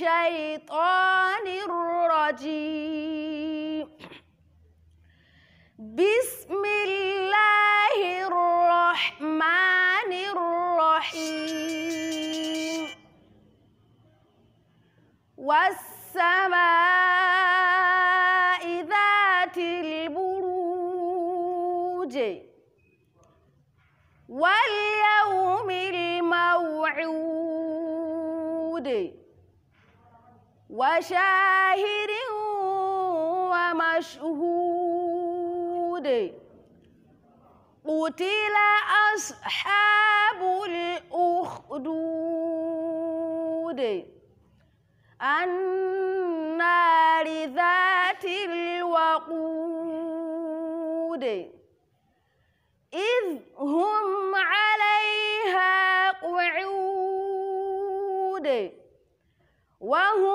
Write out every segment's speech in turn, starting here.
الشيطان الرجيم بسم الله الرحمن الرحيم والسماء ذات البروج واليوم الموعود وشاهر ومشهود قتل أصحاب الأخدود النار ذات الوقود إذ هم عليها قعود وهم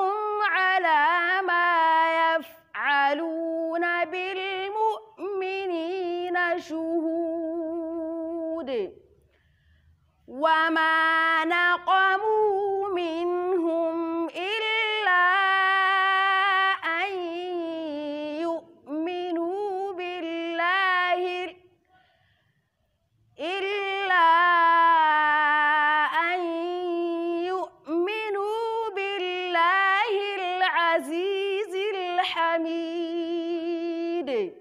شهود وما نقموا منهم إلا أن يؤمنوا بالله إلا أن يؤمنوا بالله العزيز الحميد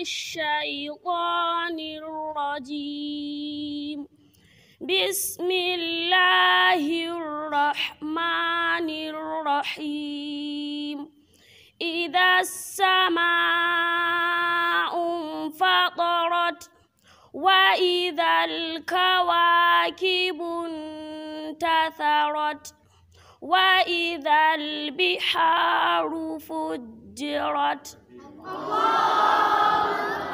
الشيطان الرجيم بسم الله الرحمن الرحيم إذا السماء انفطرت وإذا الكواكب انتثرت وإذا البحار فجرت Apolo!